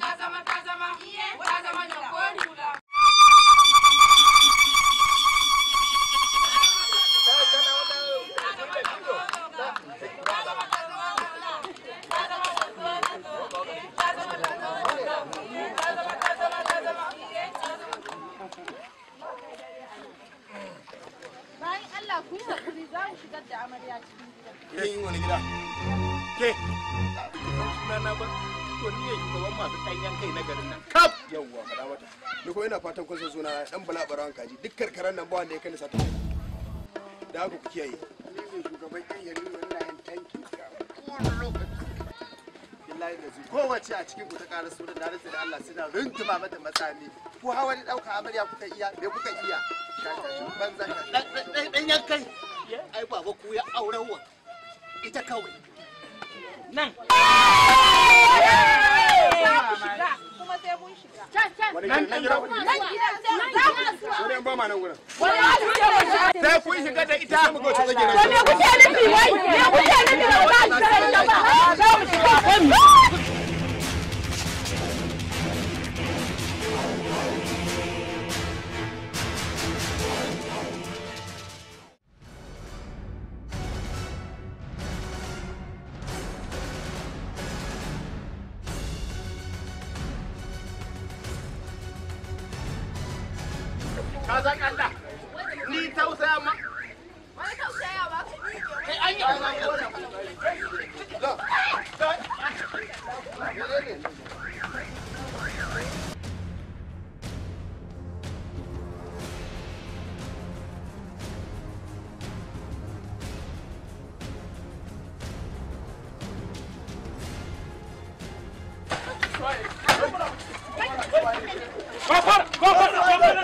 ta zama ta zama ta zama Allah ku yi hakuri shigar da amarya cikin Ke Ke? to ni ne shugaban masu ɗanyen kai na garin nan kaf yawwa faɗa mata ni kuma ina fatan kun san suna dan bala barawan kaji duk karkaran nan ba wanda ya kai sata da haka ku kiyaye ni ne shugaban ɗan yarin wannan yan tanki kowane lokaci billahi da zuwa kowace a cikin ku ta ƙara sunan da rantsa da Allah suna rintuma mata matsami ku hawa ni ɗauka amarya kuka iya me kuka iya shakashin banza ɗan yankai ai baba ku ya aurewa ita kawai nan wani gidan gidan wani ba ma nan gurin sai ku shiga da ita to me kuke nufi wai me kuke nufi da ba ka san ni tausaya ma wani tausaya ba ka yi kai an yi go, go, go,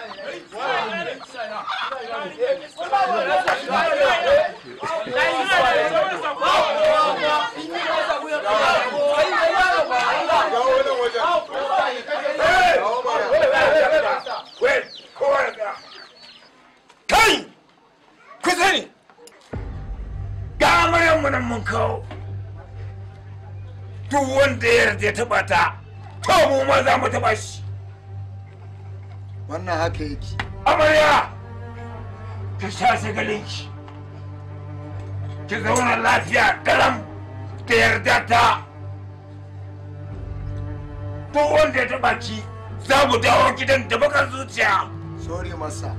mun kawo duk wanda ya yarda ya taba ta to mu ma za mu taba shi wannan haka yake amarya ta sha shi ki zauna lafiya karam da yarda ta duk wanda ya taba ki za mu dawo gidan da bakan zuciya sorry masa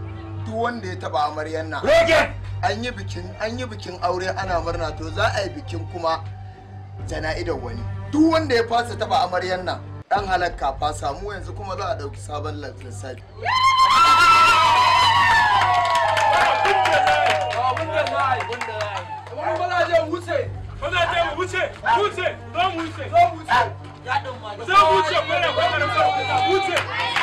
duk wanda ya taba amaryan nan an yi bikin an yi bikin aure ana murna to za a yi bikin kuma jana'idar wani duk wanda ya fasa taba amaryan nan dan halakka fa samu yanzu kuma za a dauki sabon lissafi wuce wuce wuce wuce